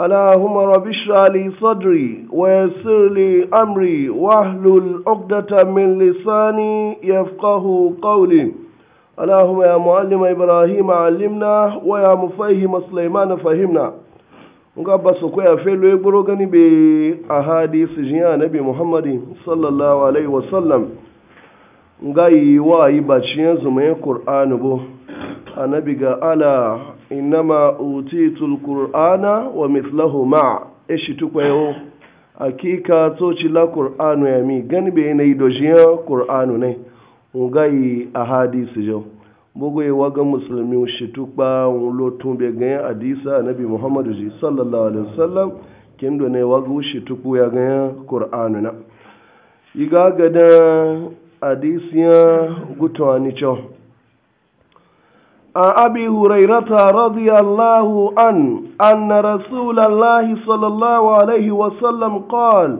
اللهم رب اشرح لي صدري ويسر لي امري واحلل عقدة من لساني يفقه قولي اللهم يا معلم ابراهيم علمنا ويا مفهم سليمان فهمنا ngabba ko ya felo ya gburo gani be a hadisi jiya nabi muhammad sallallahu alaihi wasallam ngai wa ibachi baciyan zumayen qur'an bo annabi ga ala إنما أوتيت qur'ana wa مع ma ishi أكيكا hakika لا قرآن la qur'anu ya دوجيا قرآن ني ne dojiya qur'anu ne bugu ya waga musulmi shi tukpa lo tun be ga hadisa annabi muhammadu ji sallallahu alaihi wasallam kendo ne waga shi ya ga qur'anu na iga gada hadisiya gutwani cho عن أبي هريرة رضي الله عنه أن رسول الله صلى الله عليه وسلم قال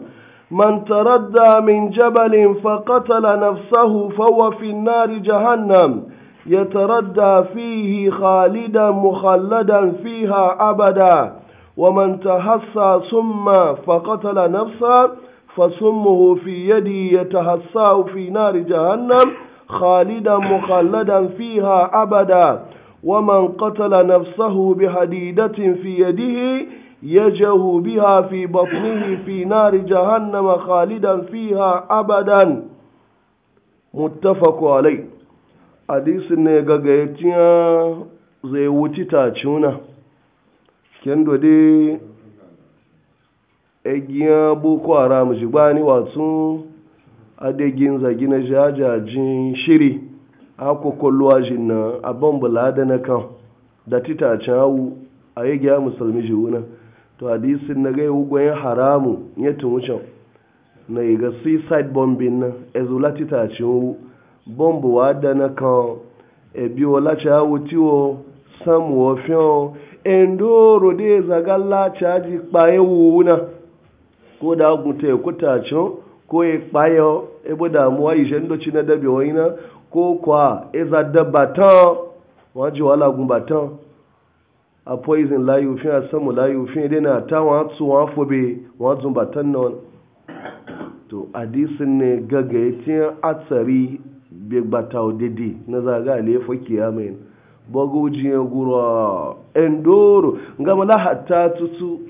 من تردى من جبل فقتل نفسه فهو في النار جهنم يتردى فيه خالدا مخلدا فيها أبدا ومن تهسى ثم فقتل نفسه فسمه في يدي يتهساه في نار جهنم خالدا مخلدا فيها أبدا ومن قتل نفسه بحديدة في يده يجه بها في بطنه في نار جهنم خالدا فيها أبدا متفق عليه حديث نيغاغيتيا zai wuci tacuna kendo dai egiya boko haram shi gbani watsun adegin zagi na jajajin shiri a akwakwaluwa shi na abin bulada na kan da can hau a yi gya musulmi shi wuna to hadisin na gai hugwayen haramu ya tumucin na yi ga suicide bombing na ezula titacen hau bombu da na kan ebi wala cha hau tiwo samu ofin endoro de zagalla caji kpaye wuna ko da agunta ya kutacen ko ya kpayo ebe damuwa ishe e ndoci na dabi wani na ko kwa eza daba wa wọn ji wala gun batan a poison layi ofin a samu layi ofin dai na ta wọn tu wọn fobe wọn zun batan na wani to hadisin ne gagaye tiyan atsari bi gbata dede na zaga ya kiyamin bogo jiyan gura endoro ngamala hatta tutu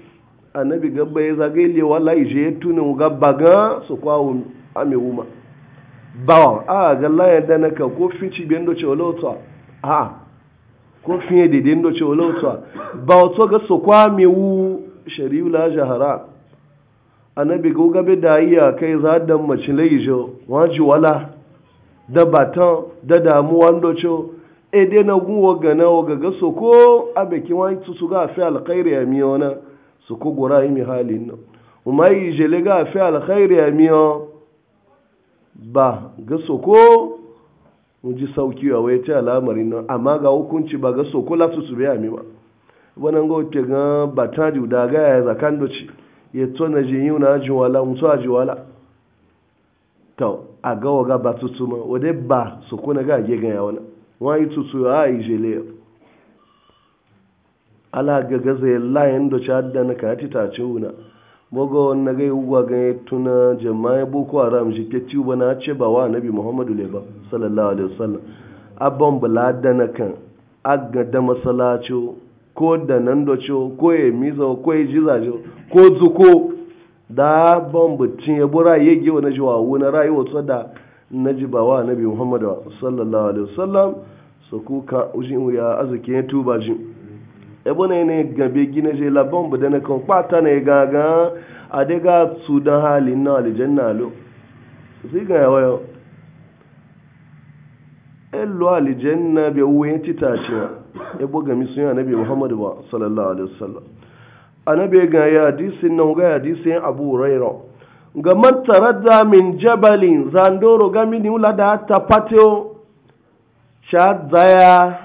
annabi gabba ya zagaye lewa laije ya tunin gabba ga su kwawo ame wuma bawa a ga la ya dana ka ko fin ci biyan doce olota a ko fin ya daidai doce olota ba wato ga su kwa me wu shari'u la jahara annabi ga gabe da iya kai za da mace laije waji wala da batan da damuwa doce e dai na wa gana wa ga ga so ko a bikin wani su ga fi alkhairi a miyo na su ko gora yi mi halin nan kuma yi jele ga fi alkhairi ya miyo ba ga soko mun ji sauki a wai ta lamarin nan amma ga hukunci ba ga soko lafsu su bai mi ba wannan ga ke ga bataji da ga ya zakan doci ya tona jin yi na ji wala mutu a wala to a ga waga ba tutuma wade ba soko na ga ge ga ya wala wani tutu a yi jele ala ga gaza ya layan da ci hadda na kati ta ce wuna bogo wannan gai ugwa ga tuna jama'a boko haram shi ke ci na ce ba wa nabi muhammadu ne ba sallallahu alaihi wasallam abban bala da na kan aga da masalaci ko da nan da cho ko ya miza ko ya jizajo ko zuko da ban bucin ya bura ya gewa na ji wa wuna rayuwa da na ji ba wa nabi muhammadu sallallahu alaihi wasallam su kuka ujin ya azuke tuba jin ebe na ne gabe gine je la bu da na kan kwata na gaga e a daga su dan halin na aljanna lo sai ga yawa elu aljanna be wuyen titace ebo ga mi sun annabi muhammadu ba sallallahu alaihi wasallam annabi ga ya hadisin nan ga hadisin abu hurairah ga man taradda min jabalin zandoro ga mini ula da ta patio cha zaya.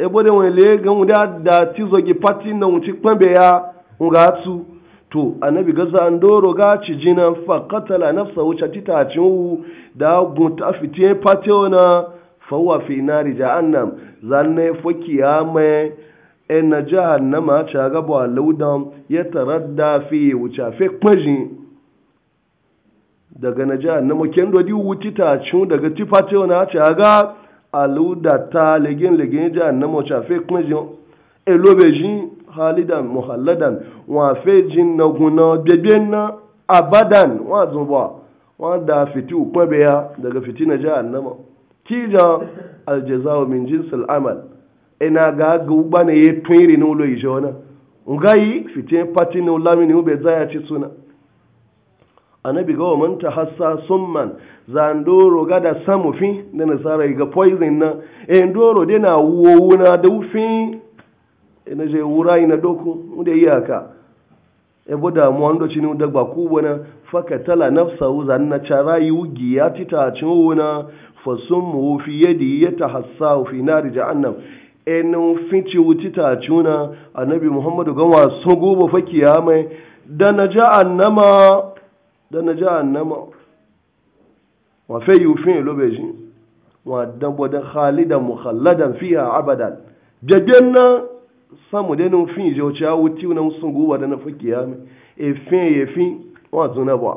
ebo da wani lega da da tizo gi pati na wuci kwambe ya nga su to annabi gaza andoro doro ga ci jina fa qatala nafsa wuce tita cin da gunta fitiye pati ona fa huwa fi nari jahannam zanne foki ya mai e ina jahannama ca gaba laudan ya taradda fi wuce fe kwajin daga na jahannama kendo di wuci ta cin daga tifate ona ca ga aludata legin legin jahannama wacce a fe kuma jin be jin halidan muhalladan wa fe jin na guna bebe na abadan wa zuba wa da fiti kuma ya daga fiti na jahannama kija aljazawa min jinsil amal ina ga guba ye ya tun iri ni na ngai fiti pati ni ube zaya ci suna Anabi ga waman ta hassa summan zandoro ga da samu fi da nasara ga poison na e ndoro dai na wuwu na da ufi ina e, je wura ina doku mude iyaka e da mu ando chini da gba ku na faka tala nafsa uza na chara yugi ya tita chuna fasummu fi yadi yatahassa fi nari jahannam enin finci wuti ta na. annabi muhammadu gama sun gobe fakiya mai da na don na jahannama wa fe yufin lobe shi wa dambo da khalida mukhalladan fiha abadan jajen na samu da nun fin je wuce wuti na sun guba da na fuki ya mi e fin ye fin wa zuna ba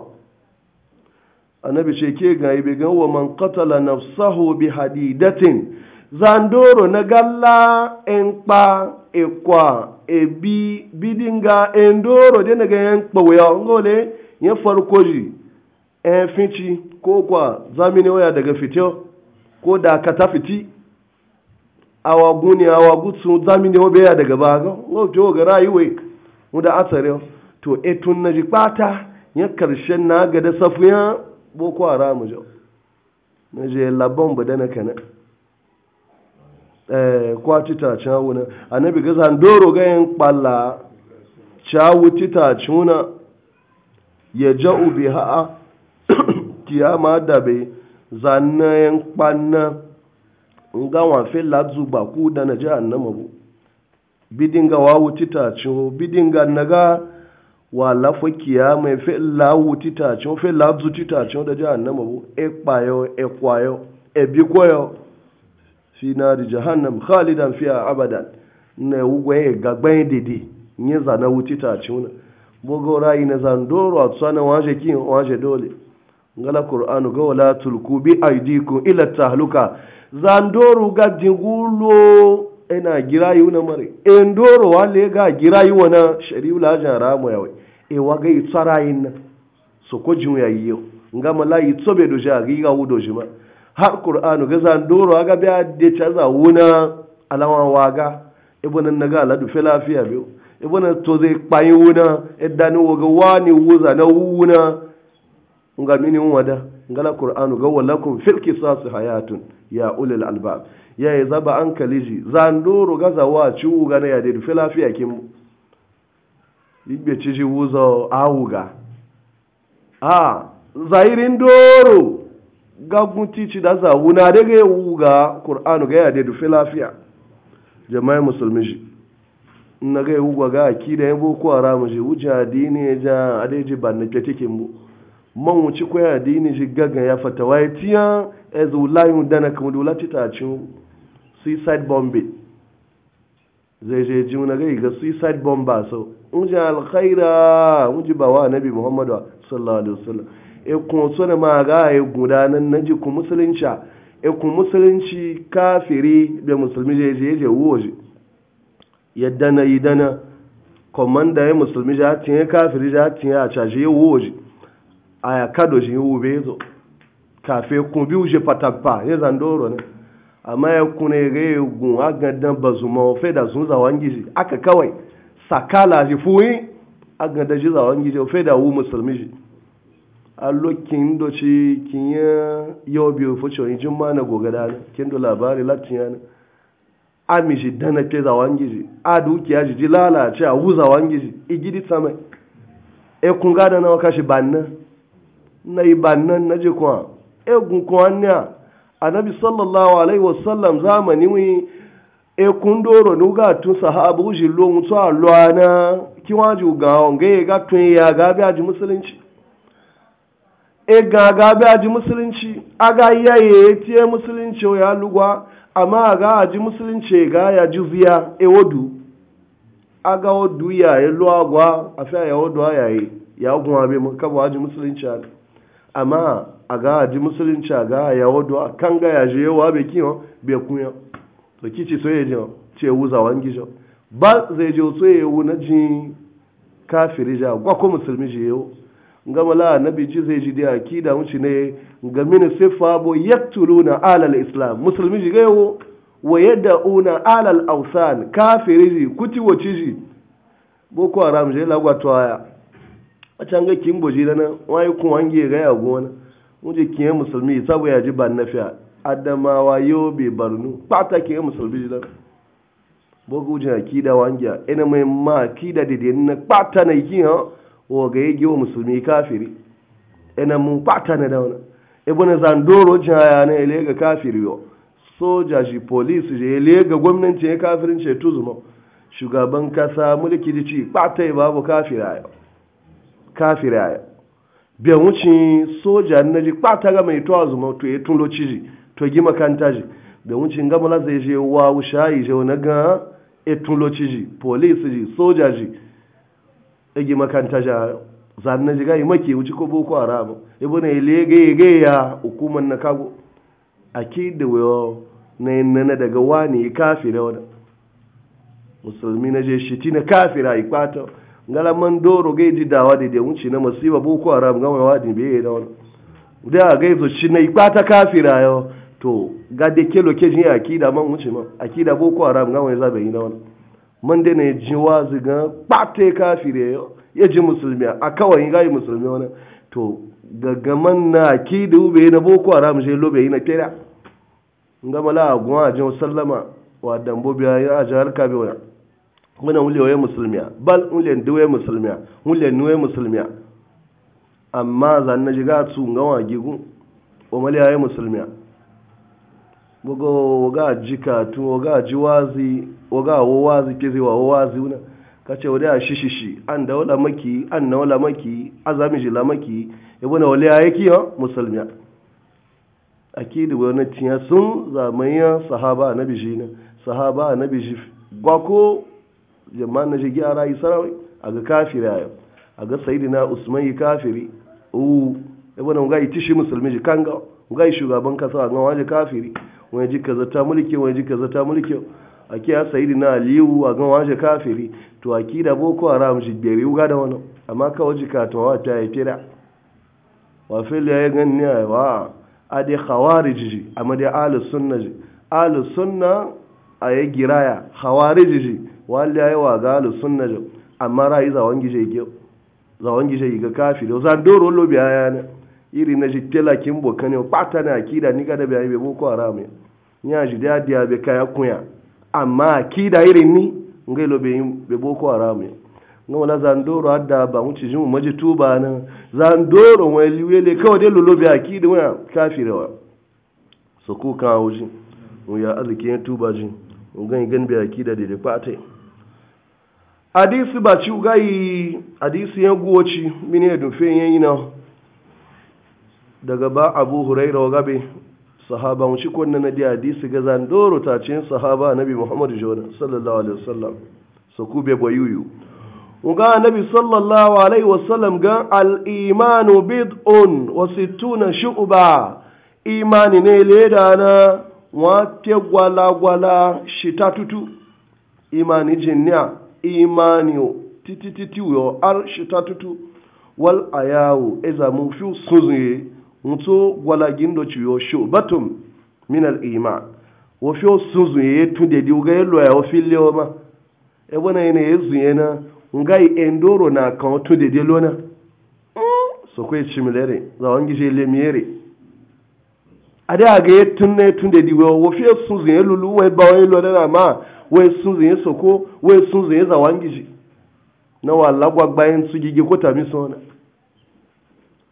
annabi ce ke ga ibe ga wa man qatala nafsahu bi hadidatin zandoro na galla enkpa ekwa ebi bidinga endoro de na ga yankpa wa ngole ya farko ji ɗan finci ko kwa zamini waya daga fito ko da ka ta fiti awa guni awa gutsu zamini wa ya daga baga wato ga rayuwa mu da asare to etun na ji kpata ya karshen na ga da safiya boko ramu jau na je labon ba da na kana eh, kwa ta cawuna annabi gazan doro ga yin kwalla cawu ta cawuna ya ja'u bi ha'a kiyama da bai zannayen kpanna nga wa fe latsu ba ku da na na mabu bidinga wa wuti ta cin bidinga naga wa lafa kiyama e fe la wuti ta cin fe latsu ti ta cin da na mabu e payo e kwayo e bi kwayo fi nari jahannam khalidan fiha abadan ne ugwe e gagban didi nye zana wuti ta cin bogo rayi na zandoro a tsana waje kin waje dole ngala qur'anu ga wala tulku bi aidikum ila tahluka zandoro ga dingulo ina girayi una mare endoro wale ga girayi wana shari'u la jara mu yawe e waga itsarayin so ko jimu yayiyo nga malayi tsobe do jari ga wudo jima har qur'anu ga zandoro aga bi adde chaza wuna alawan waga ibunan naga ladu filafiya biyu ibana to zai kwayi wuna yadda ni wani wuza na wuna nga mini wada ngala qur'anu ga wallakum fil qisas hayatun ya ulil albab ya yi zaba an kaliji zanduru gaza wa wuga na ya dedu filafiya kin igbe ciji wuza awuga a zahirin doro gagun tici da zawuna daga wuga qur'anu ga ya dedu filafiya jama'a musulmi na ga yi ga a ki da ya boko haram ji wuce adini ya ja adaiji ba na kyatikin bu man wuce kwaya adini ji gaga ya fata waye tiya ya zo layin dana kuma dola ta ci suicide bombay zai je ji na ga ga suicide bomba so wuce alkhaira wuce ba wa nabi muhammadu sallallahu alaihi wasallam e kun so ma ga yi gudanan na ji ku musulunci e ku musulunci kafiri da musulmi je je je woje yadda na yi dana komanda ya musulmi ja tiye kafiri ja tiye a caji ya wo ji a ya kado ji wo bai zo kafe kun biyu je patapa ya zandoro ne amma ya kuna ya ga gun a gandan bazu ma ofe da sun zawon gizi aka kawai sakala ji fuyi a gandan ji zawon gizi ofe da wu musulmi ji a lokin doci kin ya yau biyu fuce wani jin ma na gogada kin do labari latin yana amiji dana ke zawangiji a uki ji ji lalace a wuza wangiji igidi tsame e kun na nawa banna na yi banna na je kuma e gun kuma ne sallallahu alaihi wasallam zamani wi e kun doro nu sahabu ji lo mu alwana ki wa ju ga on ga tun ya ga bi aji musulunci e ga ga bi aji musulunci aga yaye tie musulunci o ya lugwa amma ga aji musulunci ga ya jizya ewodu aga odu ya elu agwa afia ya odu ya yi e, ya gun abi mu kabo ji musulunci aga amma aga aji musulunci ga ya odu kan ga ya je wa be kiyo be kunyo to kici so ya jo ce wuza wangi jo ba zai je so ye wu na ji kafiri ja gwa ko musulmi je yo gama la nabi ji zai e ji da akida wuce ne ga mini sifa bo yaktuluna alal islam musulmi ji gaiwo wa yad'una alal awsan kafiri ji kuti wace ji boko haram je la gwato aya a can ga kimbo ji na wai kun wange ga ya gona muje kiye musulmi sabo ya ji ban nafiya adamawa be barnu pata kiye musulmi ji boko ji akida wange ina mai ma akida de de na pata na yi ha waga ya giwa musulmi kafiri ina mun kwata na dauna ibn zandoro jaya na ile ga kafiri yo soja ji police je ile ga gwamnati ne kafirin ce tuzuma shugaban kasa mulki da ci ba babu kafira yo kafira yo biyan wuci soja na ji kwata ga mai tuwa azuma to ya tun ciji to gi makanta ji biyan wuci ngamala zai je wa wushayi je na ga etun loci ji police ji soja ji egi makanta ja zane na jiga yi make wuce ko boko haram ibo ne lege ge ya hukuman na kago da wayo na nana daga wani kafira wada musulmi na je shi tina kafira ikwata ngala man doro ge ji dawa de de wuce na masiba boko haram ga wayo wadi be da wada da ga zo shi na kwata kafira yo to ga de kelo ke jin akida man wuce ma akida boko haram ga wayo zabe yi na wada Mande da ne ji wazi ga kpate kafire yo ya ji musulmi a kawai ga yi musulmi wani to gagaman na ki da ube na boko haram je lobe na kira ngama a agwa ajin sallama wa dambo biya ya ajar kabe wani muna wule musulmi a? bal wule duwe musulmiya wule musulmi a? amma zan na jiga tsu ngawa gigu o mali musulmi a? bugo waga ji katu waga ji wazi waga wazi wa wo wazi una kace wada shishishi an da wala maki an na wala maki azami ji la maki wale wala yake musulmi musulmiya akidu na tiya sun zamanya sahaba na biji na sahaba na biji ba ko jama'an na jigi a rayu sarawai a ga kafiri a yau a ga sayidina usman yi kafiri uwu ibuna ga yi tishi musulmi ji kanga ga yi shugaban kasa a ga waje kafiri wani ji kaza ta mulki wani ji kaza ta mulki a kiya sayidi na aliyu a gan wani kafiri to a ki da boko haram shi bere wuga da wani amma kawai ji katon wa ta yi fira wa fili ya yi gan ni a wa a dai hawari jiji amma dai ahlus sunna ji ahlus sunna a yi giraya hawari jiji wali ya yi wa ga ahlus sunna ji amma ra'ayi zawon gije ga kafiri zan doro lobi ya yana iri na jitela kin boka ne pata na akida ni ga da bai be boko haram ya ji da dia be kaya kunya amma akida iri ni ngai lo be be boko haram ya nga wala zandoro adda ba mu ci jimu maji tuba na zandoro wai liwele kawai dai lolo be akida wa kafirawa so ku ka wuji mu ya azike tuba jin ngai gan be akida da da pata hadisi ba ci ugayi hadisi ya guwoci mini edun fe yin yi na daga ba abu huraira wa gabe sahaba mu shiko na nadi hadisi ga zandoro ta cin sahaba nabi muhammad jona sallallahu alaihi wasallam so ku be boyuyu uga nabi sallallahu alaihi wasallam ga al imanu bid'un wa sittuna shu'ba imani ne leda na wa te gwala gwala shita tutu imani jinniya imani tititi yo ar shita tutu wal ayawu mu fi suzi nso gwalagin do ciyo shubatum min al-iman wo fi o suzu ye de di ga yelo ya o fi le o ma e bona ye zu ye na nga i endoro na kan de di lona na mm, so ko chimlere za gi je le miere ade aga ye tun de di wo fi o suzu ye lulu we ba o lo na ma we suzu ye soko we suzu ye za wangi je na wala gwagba yin sujige ko na.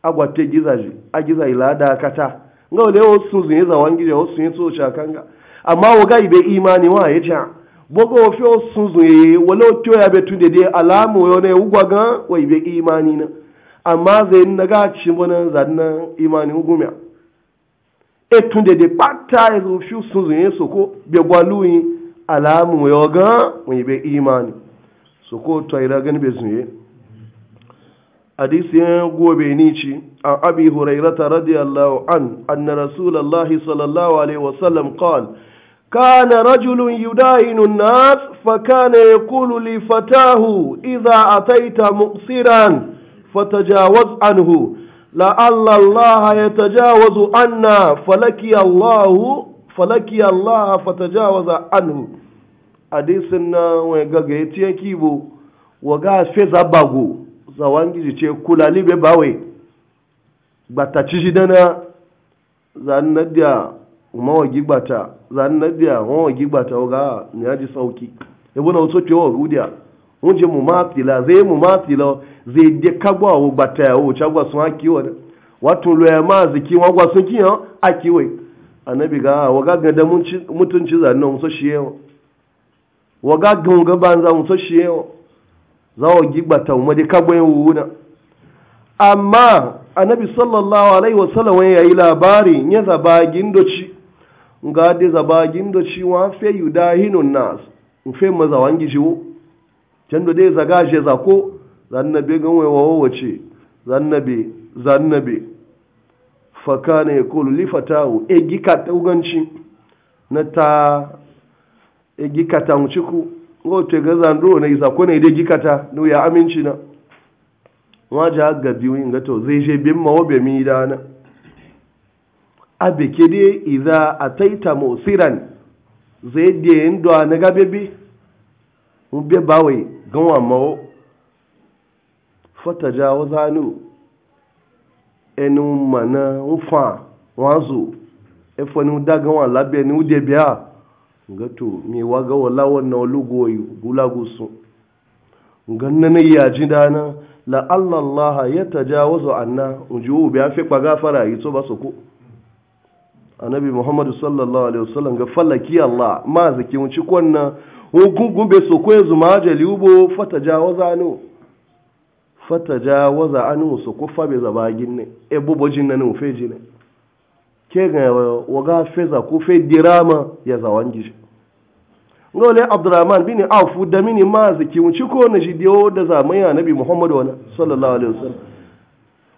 agwa te gizaji a giza ilada kata nga ole o sun zunye za wangi o sunye to chakanga amma wo ga ibe imani wa ya cha boko o fi o sun zunye wale o to ya be tunde de alamu yo ne ugwa ga wa ibe imani na amma zai na ga cimbona zanna imani ugumya e tunde de pata e zo fi sun zunye soko be gwaluyi alamu yo ga wa ibe imani soko to ira gani be zunye حديث يقول hadisiyan عن أبي هريرة رضي الله عنه أن رسول الله صلى الله عليه وسلم قال كان رجل يداين الناس فكان يقول لفتاه إذا أتيت مؤثرا فتجاوز عنه لعل الله يتجاوز عنا فلكي الله فلكي الله فتجاوز عنه حديثنا وغاغيتي كيبو وقال فيزا باغو zawangiji ce kula libe bawe gbata ci shi dana zan nadiya mawa gbata zan nadiya mawa gigbata ga ni ji sauki ebo na wato ce wa gudiya mun je mu matila zai mu fila zai de kagwa wo gbata ya wo chagwa sun aki wa wato lo ya ma ziki wa gwa sun kiyan aki we annabi ga wa ah, ga ga da mutunci zan nan so shi yawa wa ga ga ga ban zan so shi yawa Za a gigbata ba dai kagbo yin wuna amma annabi sallallahu alaihi wasallam ya yi labari ya zaba gindoci ga da zaba gindoci wa fe yudahinun nas fe maza wangi jiwo can da dai zaga je zako zannabe gan wawo wace zannabe zannabe na ya kulu lifatahu egika ta uganci na ta e ka ta mu ciku wote ga zanduro na isa kone dai gikata no ya aminci na waja ga biyu inga to zai je bin mawo be mi da na abe ke dai idza ataita musiran zai de ndo na ga bebi mu be bawai ma mawo fata zanu. enu mana ufa wazo efo ni dagan gawa labe ni biya. gato me waga wala wannan olugoyi gulagusu ganna na ji dana la Allah ya tajawazu anna ujuhu bi afi gafara yi to ba su ku? annabi Muhammad sallallahu alaihi wasallam ga falaki Allah ma zaki mun ci kwanna hukun be su ko yanzu ma jali ubo fatajawaza anu fatajawaza anu su ko fa be zabagin ne e bobojin nan mu feji ne ke ga waga feza ko fe dirama ya zawangi ngole abdurrahman bin auf da mini ma zaki wuci ko na shi dio da zamaya annabi muhammadu sallallahu alaihi wasallam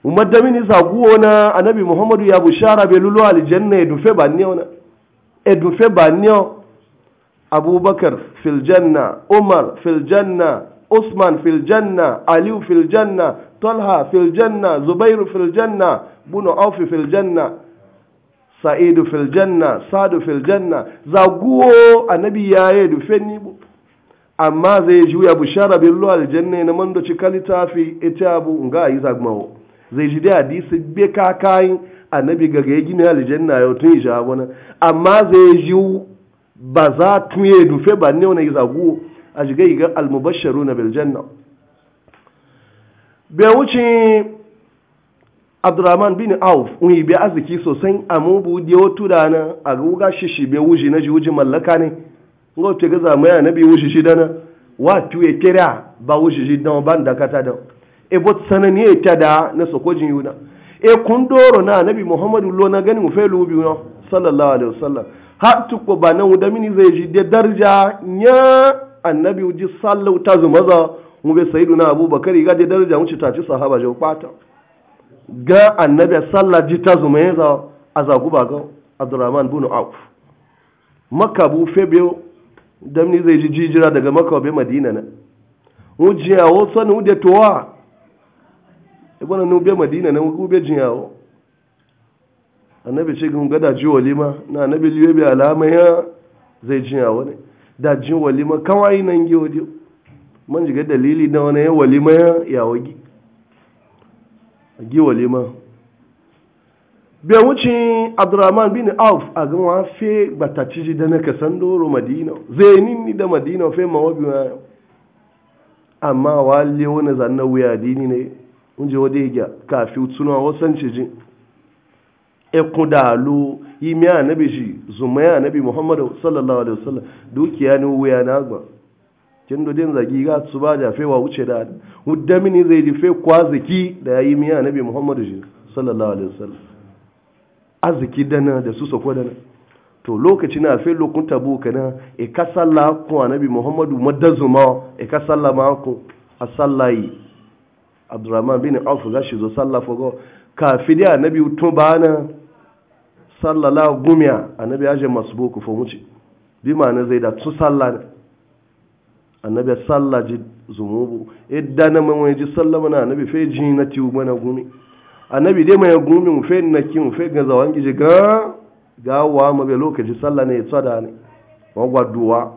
umar da mini zaguwa na annabi muhammadu ya bushara be lulu aljanna ya fe ba ona edu fe ba abubakar fil janna umar fil janna usman fil janna ali fil janna talha fil janna zubair fil janna bunu auf fil janna sa'idu fil janna sadu fil janna zaguo annabi yaye du fenni bu amma zai juya bushara billu janna na mando ci kalita fi ita bu nga yi zagmawo zai ji da hadisi be kakai annabi ga ga Al-Janna yau tun isha wani amma zai ji ba za tuye fe ba ne wani zaguo a shiga yi ga almubasharu na biljanna bai wuce abdurrahman bin auf un bi arziki sosai a mubu da wato da na a guga shishi bai wuji na jiwuji mallaka ne ngo te ga zamaya na bi wuji shi dana wa tuwe kira ba wuji shida ban da kata da e bot sanani e tada na sokojin yuna e kun doro na nabi muhammadu lo na gani mu fe lu no sallallahu alaihi wasallam tu ko ba nan da mini zai ji da darja nya annabi uji sallu ta zumaza mu be sayyiduna abubakar ga da darja mu ci ta ci sahaba jau kwata ga annabi sallah ji ta zuma ya za a ba ga abdurrahman bin auf makka bu febe damni zai ji jijira daga makka be madina na jiya wo sanu de towa bona e nu be madina na mu be wo annabi ce gun gada ji walima na annabi liwe be alama ya zai wo ne da jin walima kawai nan gi wadi man ga dalili na wani walima ya wagi giwale ma bai wuce abdurrahman bin auf a ga wa fe bataci ji da na kasan doro madina zai ni da madina fe ma wabi ma amma wa le wani zanna wuya dini ne un je wade ga kafi tsunawa wasan ci ji e kudalu yi mi annabi shi zuma ya bi muhammadu sallallahu alaihi wasallam dukiya ne wuya na gba kin do den zagi ga su ba da fewa wuce da hudda mini zai ji fe kwa zaki da yayi miya nabi muhammadu sallallahu alaihi wasallam aziki dana da su sako dana to lokaci na fe lokun tabu kana e ka sallah ko annabi muhammadu madazuma e ka sallah ma ko asallai abdurrahman bin auf ga shi zo sallah fogo ka fidi annabi tun bana sallallahu gumiya annabi aje masbuku fo muci bi ma na zai da su sallah annabi sallah ji zumubu idda na mai ji sallah mana annabi fe ji na tiwu mana gumi annabi dai mai gumi mu fe na ki mu fe ga zawan gije ga ga wa ma be lokaci sallah ne tsada ne wa gwaduwa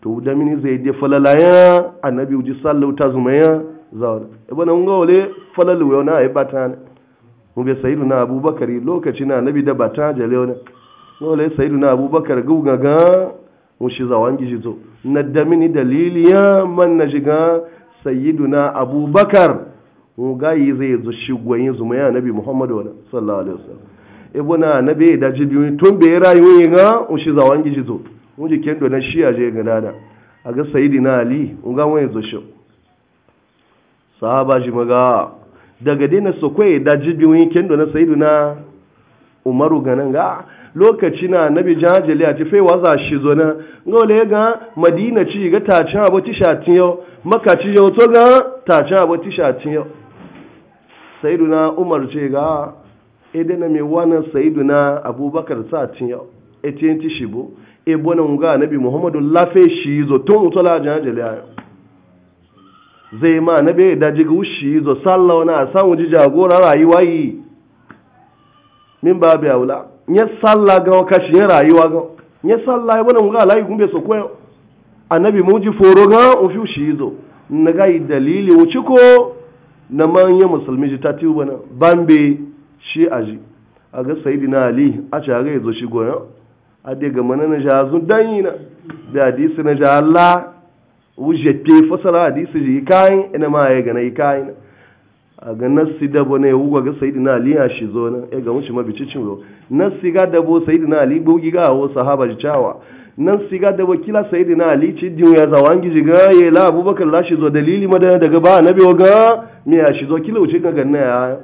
to da mini zai je falalaya annabi ji sallah ta zumaya zawan e ibn unga wale falalu wa na ai ne. mu be sayyiduna abubakari lokaci na annabi da bata jale wala sayyiduna abubakar guga ga mushi zawan gishi zo na damini dalili ya man na shiga sayiduna abubakar mu gayi zai zo shigwayin zuma ya nabi muhammadu wa sallallahu alaihi wasallam na nabi da jibi tun bai rayu yin ga mushi zawan gishi zo mu ji kendo na shiya je ga dada a ga sayiduna ali mu ga wani zo shi sahaba shi maga daga dai na sokoye da jibi kendo na sayiduna umaru ganan ga lokaci na nabi jahajali a ci fai waza shi zona ngole ga madina ci ga tacin abu ti shatin yau maka ci yau to ga tacin abu ti shatin yau sayyiduna umar ce ga edena eh, me wana sayyiduna abubakar sa tin yau etin eh, ti shibo eh, e bona nga nabi muhammadu lafe shi zo tun utola jahajali ayo zai ma nabi da jiga ushi zo sallau na san wuji jagora rayuwa yi min babu aula nye sallah ga kashi nye rayuwa ga nye sallah ya e bane muga alayi kumbe sokwe kwayo annabi mun ji foro ga ofi shi zo na ga dalili wuci ko na manye musulmi ji ta tiwo bana bambe shi aji a ga na ali a ce ga yazo shi goyon a dai ga mana na jazu yi na da hadisi na jalla wuje pe fasara hadisi ji kai ina ma ya ga na kai na a ga nassi dabo ne wuga ga sayidina ali ya shi zo nan ya ga mushi mabicicin ro nassi ga dabo sayidina ali bugi ga wo sahaba ji cawa nassi ga dabo kila sayidina ali ci din ya zawan giji ga ya la abubakar la shi zo dalili madana daga ba annabi wa ga me ya shi zo kila wuce ga ganna ya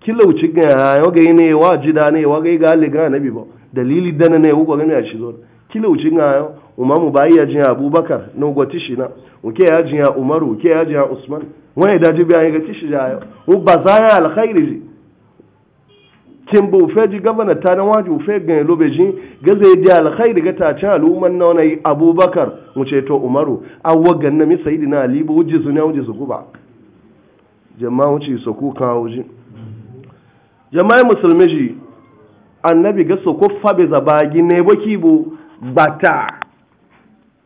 kila wuce ga ya ga ne wa jida ne wa ga ga ali ga annabi ba dalili dana ne wuga ga ya shi zo kila wuce ga umamu ba iya jiya abubakar na ugwa shi na uke ya jiya umaru uke ya jiya usman wani daji biya ga tishi ja yau u ba za ya alkhairi ji kin bu fe ji gabana ta na waji fe ga lobe ji ga zai di alkhairi ga ta cin al'umman na wani abubakar mu ce to umaru awwa ganna mi sayyidina ali bu su ne uji su kuba Jama'a wuce su ku kawo ji Jama'a musulmi ji annabi ga su kuffa bi ne baki bu bata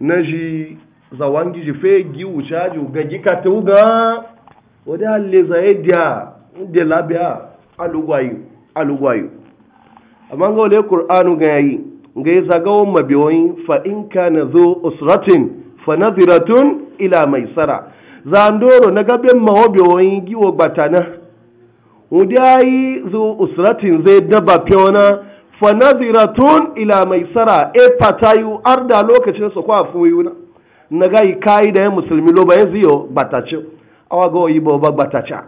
na shi zawangi shi fe gi wuce ji ga gi ka tu ga wadda halle zaye dia inda labiya alugwayo alugwayo amma ga wale qur'anu ga yayi ga yi e zagawon mabiyoyin fa in kana zo usratin fa nadhiratun ila maisara doro na gaben mahobiyoyin giwo batana yi zo usratin zai daba fiona fanaziratun ila mai tsara e patayu ar da lokacin su kwa fuyu na na ga yi kayi da yan musulmi lo bayan ziyo batace awa ga yi ba bataca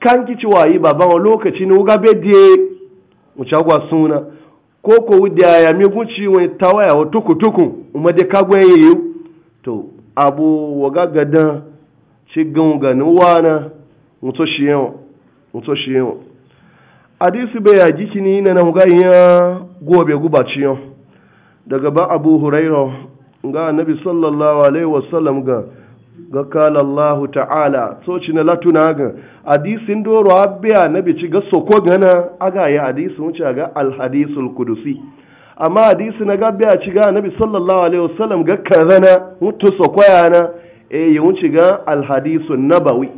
kan ki ciwa yi baban wa lokaci ne uga bediye mu cagwa suna ko ko wudiya ya mi guci wani tawaya wa tuku tuku umma de kagwe yi to abu waga gadan ci gan wana mutoshi yawa hadisi bai ya shi kini na nan ga ya gobe gubaci yau daga ba abu hurairu ga nabi sallallahu alaihi wasallam ga ga kalallahu ta'ala so ci na latuna ga hadisin doro abiya nabi ci ga soko gana ga yi hadisin wuce ga al kudusi amma hadisi na gabe a ga nabi sallallahu alaihi wasallam ga kazana mutu sokoya na e yi wuce ga alhadisun nabawi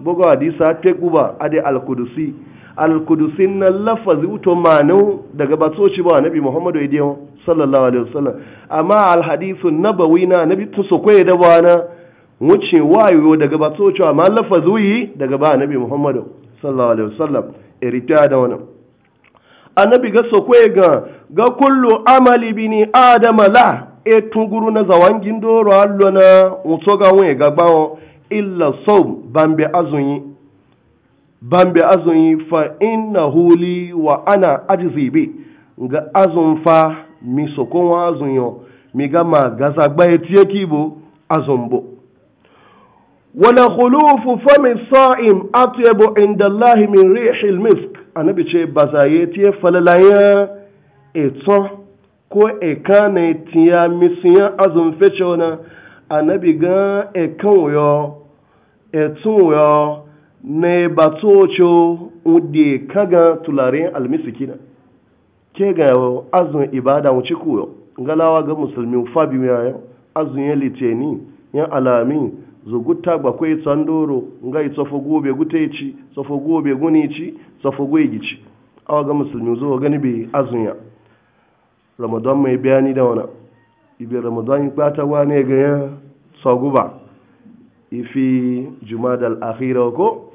bugu hadisa ta a ade alkudusi alkudusin na lafazi uto manu daga batsoci ba nabi muhammadu idiyo sallallahu alaihi wasallam amma alhadisun bawi na nabi tun sokoye da bana wuce wayo daga batsoci amma lafazi wuyi daga ba nabi muhammadu sallallahu alaihi wasallam irita da wannan annabi ga sokoye ga ga kullu amali bini adama la e tunguru na zawangin doro allo na wuto ga wuye ga bawo illa sawm bambe azunyi ban bi azun fa inna huli wa ana ajizi bi ga azun fa mi sokon wa azun yo mi ga ma gaza gbaye tiye kibo azun bo wala khulufu fami sa'im atyabu inda Allah min rihil misk anabi ce bazaye tiye falalaya eton ko ekane tiya misiyan azun fechona anabi ga ekan yo etun yo ne ba tsoco ude kaga tularin almisikina ke azun ibada wuce kuyo galawa ga musulmi fabi ya azun ya litini ya alami zuguta ba kwai tsandoro nga yi tsofo gobe gute tsofo gobe guni tsofo gwegi ci awa ga musulmi zuwa gani bi azun ya ramadan mai bayani da wana ibe ramadan yi kwata wane ga ya tsaguba ifi dal akhira ko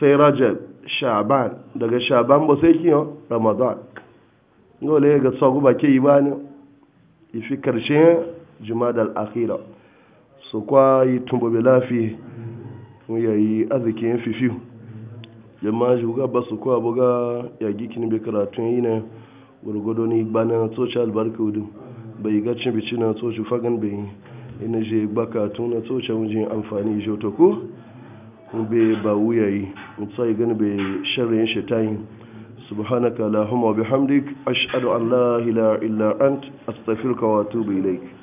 sai rajab shaban daga shaban ba sai kiyo ramadan dole ga sagu ba ke yi ba ne ifi jumadal akhira su kwa yi tumbobe lafi ya yi arzikin fifiyu jama'a juga ba su kwa buga ya gikin bi karatun yi na gwargwado ni bana tsoci albarka wudu bai ga cin bici na tsoci fagan bai yi ina je gbaka tun na tsoci wajen amfani jotoku bai ba wuyayi sai gani be sharrin shaitayin subhanaka allahumma bihamdik ashadu an la ilaha illa ant astaghfiruka wa atubu ilaik